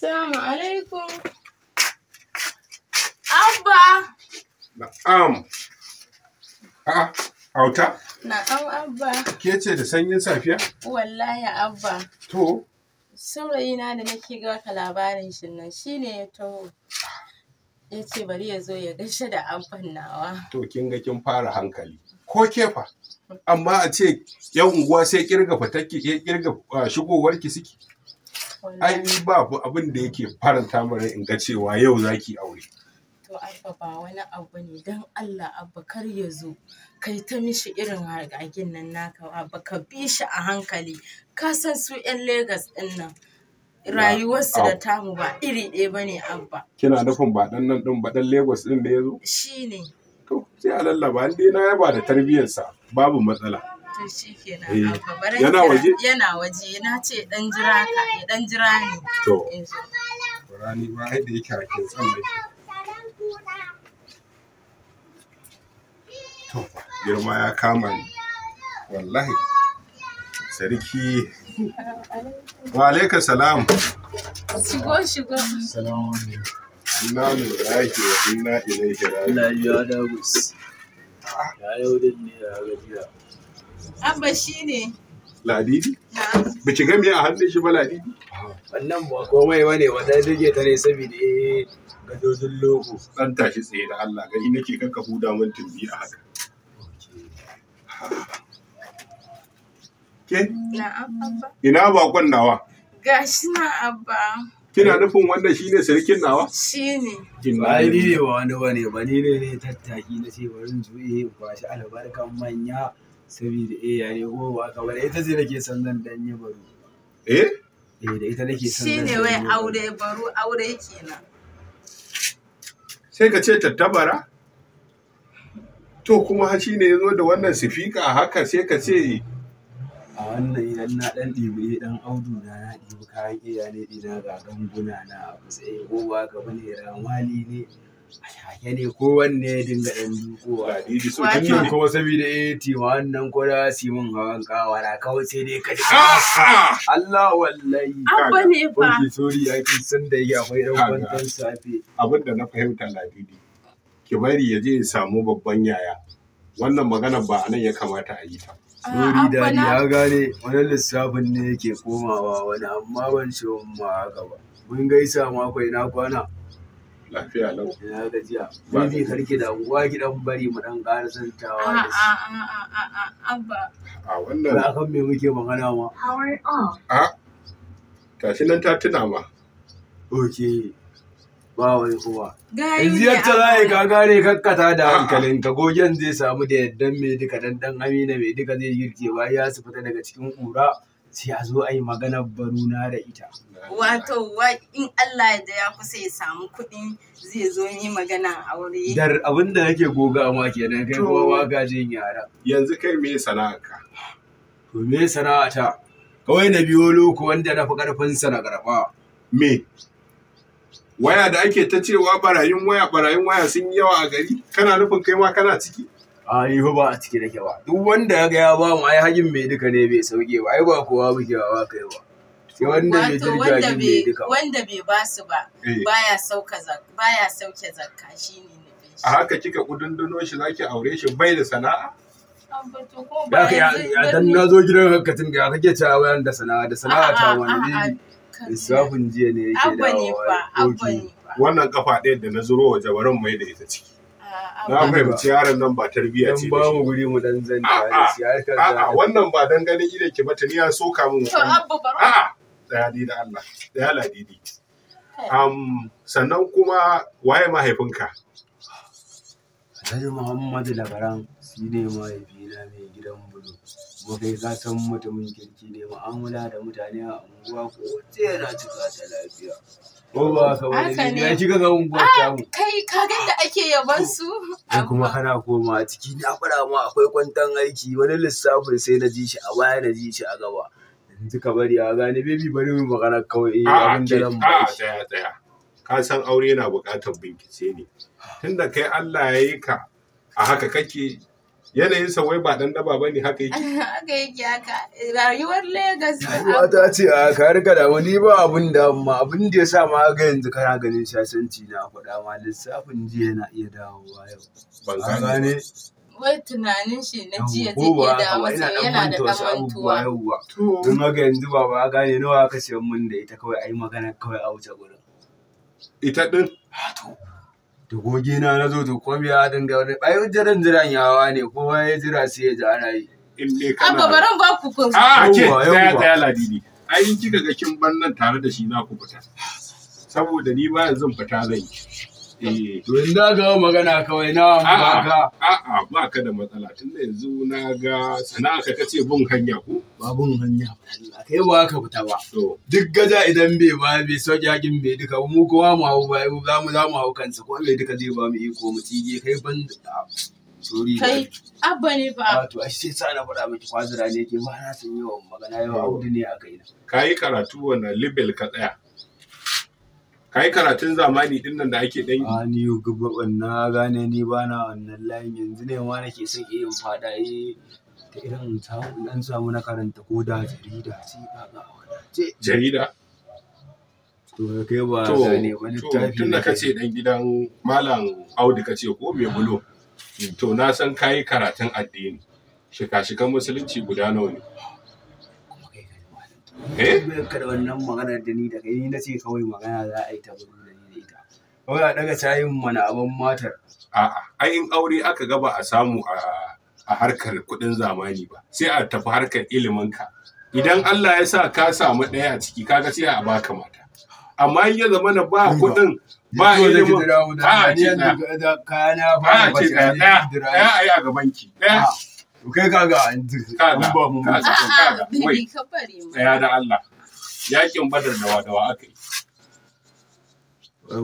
Assalamu alaikum. Abba. Na'am. A ah, auta? Na'am Abba. Ke ce da sanyin safiya? Wallahi Abba. To. Saurayina da nake ga wata labarin shi nan shine ya taho. Ya ce bari ya zo ya gaishe da abban nawa. To kin ga kin fara hankali. Ko kefa. Amma a ce yan unguwa sai kirga fatakki ke kirga ah, shigowar ki suke. ai ba abin da yake faranta mara in ga cewa yau zaki aure to abba ba wani abu ne don Allah abba kar ya zo kai ta mishi irin hargagin nan naka abba ka bi shi a hankali ka san su yan Legas din nan rayuwarsu da tamu ba iri ɗaya ba ne abba kina nufin ba ɗan nan ɗin ba ɗan Legas ɗin da ya zo shi to sai a lallaba dai na yaba da tarbiyyarsa babu matsala to shi kenan eh, yana waje yana waje na ce dan jira ka ya dan jira ni to eh, rani ba yadda yake a kin tsalle to girma ya kama ni wallahi sarki wa alaika salam shigo shigo salamu inna lillahi wa inna ilaihi raji'un ya ya yau din ne ya gajiya Abba shi ne. Ladidi? Ba ki gami a hannun shi ba ladidi? Wannan ba komai ba ne wata duke ta ne saboda eh, ga dozin loko. Ɗan tashi tsaye da Allah gani nake kakka huda mun tumbi a haka. Ke? Ina bakon nawa? Gashi na abba. Kina nufin wannan shi ne sarkin nawa? Shi ne. Ba ni ne ba wani ba ne ba ni ne ne tattaki na ce bari in zuwa eh, kwashi albarkan manya. saboda eh yare gowa kamar ita ce nake son zan dan yi baro eh eh da ita nake son ne wai aure baro aure kenan sai ka ce tattabara to kuma shi ne ya zo da wannan sifika haka sai ka ce a wannan idan na dan dibi dan eh, audu na na dibi kayan ya ne ɗina ga ganguna na a matsayin gowa ga bane ramali ne ya ne kowanne ya dinga ɗan dukowa. Didi so kin ne kuma saboda eh tima wannan koda si mun hawan kawara kawai sai dai ka Allah wallahi. Abba ne fa. Oke sorry ai kin san da yake akwai ɗan kwantan safe. Abin da na fahimta na Ki bari ya je ya samu babban yaya. Wannan magana ba a nan ya kamata a yi ta. Ah, Sori dadi ya gane wani lissafin ne yake komawa wani amma ban ce ma haka ba. Mun gaisa makwai na kwana. Lafiya lau. Ina gajiya. Bibi karki da unguwa gidan bari mu dan ƙara santawa. A a a a a abba. A wannan. Ba kan me muke magana ma. Hawar A. Tashi nan ta tuna ma. Ok. Ba wani kowa. In ziyarta za a yi gagare kakkata da hankalin ka gogen zai samu da yaddan mai duka dan dan amina mai duka zai girke ba ya su fita daga cikin ƙura. sai a zo a yi maganar baruna da ita. Wato in Allah da ya kusa ya samu kuɗin zai zo yi magana aure. Dar abin da yake goga ma kenan kai kuma waka jin yara. Yanzu kai me sana'a To me ta, Kawai na biyo loko wanda na fi ƙarfin sa na ƙarfa. Me? Waya da ake ta cewa barayin waya barayin waya sun yawa a gari kana nufin kai ma kana ciki? a ni ba a ciki da ba duk wanda ya ga ya ba mu ai hajin mai duka ne bai sauke ba ai ba kowa muke ba kai ba sai wanda bai mai duka ba wanda bai ba su ba eh. baya sauka zakka baya sauke zakka shine nufin shi a haka kika kudunduno shi zaki aure shi bai da sana'a ba ka ya dan na zo gidan hankatin ga kake cewa bayan da sana'a da sana'a ta wani lissafin jiya ne yake da wannan kafa ɗaya da na zuro wa jabaran mai da ita ciki na fahimci yaron nan ba tarbiyya ce ba mu guri mu dan zan a wannan ba dan ganin idan ki bata ni ya soka mun a a dai da Allah da ya didi um sannan kuma waye mahaifinka Alhaji Muhammadu Labaran kirki ne mahaifina mai gidan bulo kuma kai ka san mutumin kirki ne mu'amala da mutane a unguwa ko wacce yana cika ta lafiya ko ba ka wani ya kika ga unguwar ah, ta mu kai ka ga da ake yaban su kai kuma kana koma a ciki na fara ma akwai kwantan aiki wani lissafin sai na ji shi a baya na ji shi a gaba yanzu ka bari a gane baby bari mu magana kawai eh, ah, abin da zan ah, ba shi ka san aure yana buƙatar bincike ne tunda kai Allah ya yi ka a haka kake Yanayin yanayinsa wai ba dan daba bane haka yake haka yake haka rayuwar Lagos rayuwa ta ce a ah, ka rika da wani ba abin da amma abin da ya sa ma ga yanzu kana ganin shasanci na faɗa ma lissafin jiya yana iya dawowa yau ban gane wai tunanin shi na jiya zai iya dawo yana da dan mantuwa don haka yanzu ba ba gane nawa ka siyan mun da ita kawai ai magana kawai a wuce gurin ita din ah, to da gogina na zo to komai ya dinga wani ɓai jiran jiran yawa ne kowa ya jira sai ya ji ana yi in dai abba baran ba ku kun ah, a ke tsaya tsaya ladidi ai in kika ga kin bannan tare da shi za ku fita saboda ni ba yanzu fita zan yi Eh. To ga magana kawai na baka. A'a ba ka da matsala tun da yanzu na ga sana'a ka ce bin hanya ko? Ba bin hanya ba kai ba ka fita ba. Duk gaza idan bai ba bai sauki hakin bai duka mu kowa mu hau ba za mu za mu hau kansa ko bai duka zai ba mu iko mu tige kai ban da Sori. Kai abba ne ba. Wato a shi sa na faɗa miki kwazira ne ke ba na yi wa magana yawa hudu ne a kaina. Ka yi karatu wani libel ka tsaya. kai karatun zamani din nan da ake dan a ni gubban na gane ni bana wannan layin yanzu ne ma nake son yin fada eh ta irin samu an samu na karanta ko da jarida sai kaga ce jarida to kai ba gane ba littafi tunda kace dan gidan malam Audu kace ko me bulo to na san kai karatun addini shika-shikan musulunci guda nawa ne eh ka da wannan magana da ni da kai na ce kawai magana za a yi ta buru da ni da ita kawai a daga cayin mana abin matar a'a ai in aure aka ga ba a samu a a harkar kuɗin zamani ba sai a tafi harkar ilimin ka idan Allah ya sa ka samu ɗaya a ciki ga sai a baka mata amma in ya zama na ba kuɗin ba ilimin ba ce ɗaya ba a ce ɗaya ɗaya a yi a gabanki ɗaya kai kaga kaga kaga wai tsaya da Allah yakin badar da wadawa aka yi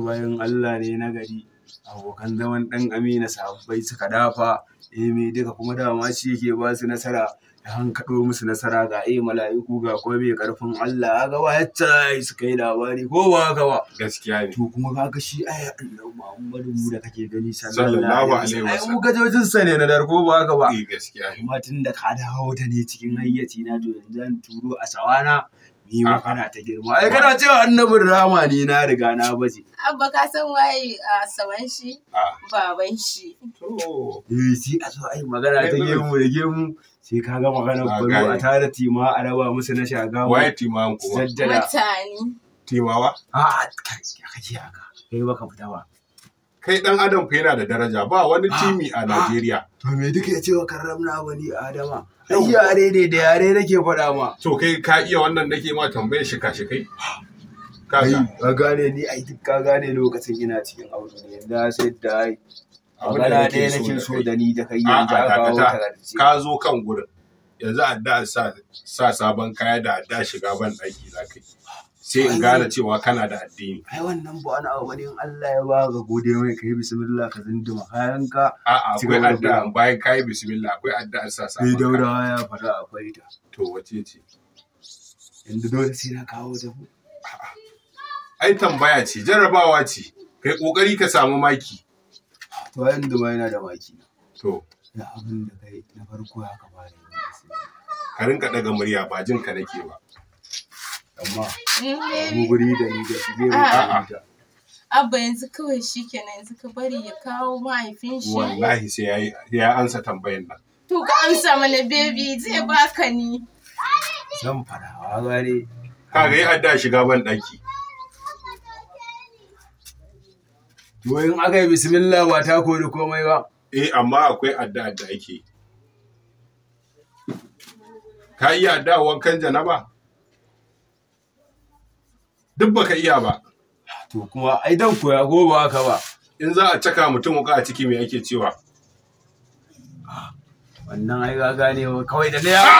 bayan Allah ne na gari abokan zaman ɗan amina sahabbai suka dafa eme eh, duka kuma dama shi yake ba su nasara ya hankado musu nasara ga e mala'iku ga ko mai karfin Allah ga wata su kai labari ko ba ka ba gaskiya ne to kuma kaga shi ai Allah Muhammadu mu da kake gani sallallahu alaihi wasallam ai mu ga wajen sa ne na dar ko ba ka ba eh, gaskiya kuma tunda ka dawo ta ne cikin hayyaci na to yanzu an turo a sawana ni ma ah. kana ta girma ai kana cewa annabin rama ni na riga na baje abba ka san waye ah, saban shi ah. baban shi to eh sai a zo ai magana ta gemu da gemu sai ka ga magana baro a tare tima a raba musu na shaga waye tima kuma jaddada mutane timawa a kai ya kaje haka kai baka fita ba kai dan adam fa yana da daraja ba wani ah, timi a ah. Najeriya to me duka ya ce wa karramna wani adama ai yare ne da yare nake faɗa ma to kai ka iya wannan nake ma tambayar shi ka shi kai ka gane ni ai duk ka gane lokacin ina cikin aure ne da sai da magana ne nake so da ni da kai yanzu a kawo ka zo kan gurin yanzu a da sa sabon kaya da a da shiga ban ɗaki za ka yi sai in gane cewa kana da addini ai wannan ba wani abu bane in Allah ya ba ka gode mai kai bismillah ka zinduma kayan ka a akwai addu'a bayan kai bismillah akwai addu'a sa sa ni daura ya fara akwai ta to wace ce inda dole sai na kawo da mu ai tambaya ce jarrabawa ce kai kokari ka samu maki to da ba yana da maki to da abin da kai na farko ya ka fara ka rinka daga murya ba jin ka nake ba amma mu guri da ni da shi ne abba yanzu kawai shi kenan yanzu ka bari ya kawo mahaifin shi wallahi sai ya ansa tambayan nan to ka amsa mana baby zai baka ni zan farawa gare ga yi adda shiga ban daki to in aka yi bismillah ba ta kori komai ba eh amma akwai adda adda ake ka iya adda wankan janaba duk baka iya ba to kuma ai dan koya ko ba haka ba in za a caka mutum wuka a ciki me ake cewa wannan ai ga gane kawai da daya a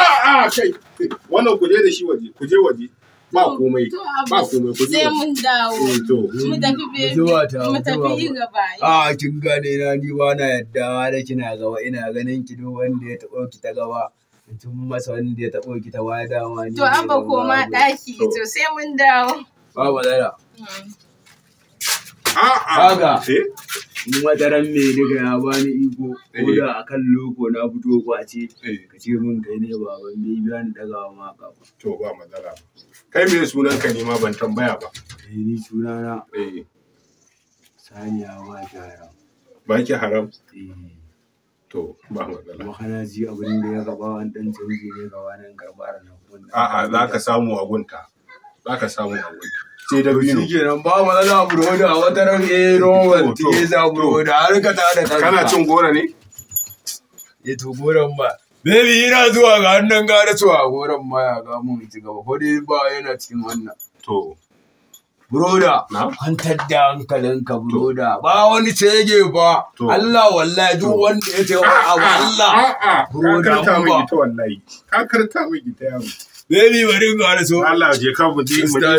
a kai wannan ku je da shi waje ku je waje ba komai ba komai ku je sai mun dawo eh, mu tafi mu tafi gaba a kin gane na ni ba na yadda da kina gaba ina ganin ki duk wanda ya tabo ki ta gaba tun masa wanda ya tabo ki ta waya dama to an ba koma daki to sai mun dawo Ba Babu A'a! Kaga eh? madaran me daga ya bani iko eh. ko da kan loko na fito kwace eh. ka ce min kai ne ba baban bai biya ni daga ma ka ba. To ba matsala. Kai me sunan ka ne ma ban tambaya ba. Eh ni sunana. Eh. Saniya ba ki haram. Ba ki haram. Eh. To ba matsala. Wahala ji abin da ya gaba an dan canji ne gaba nan garbara nan. A'a za ka samu a gunta. za ka samu a wuri sai da biyu shi kenan ba matsala burodi a wata ran eh rowan tiye za burodi har Harka ta da kanka kana cin gora ne eh to goran ba Baby yana zuwa ga hannun gara cewa ma ya ga mun ci gaba ko dai ba yana cikin wannan. To. Broda, kwantar da hankalinka broda, ba wani cege ba, Allah wallahi duk wanda ya ce wa abu Allah. Broda, ba. Ka karta mai ita wallahi, ka karta mai ita yaro. Baby bari in ga wani so. you. Come with mu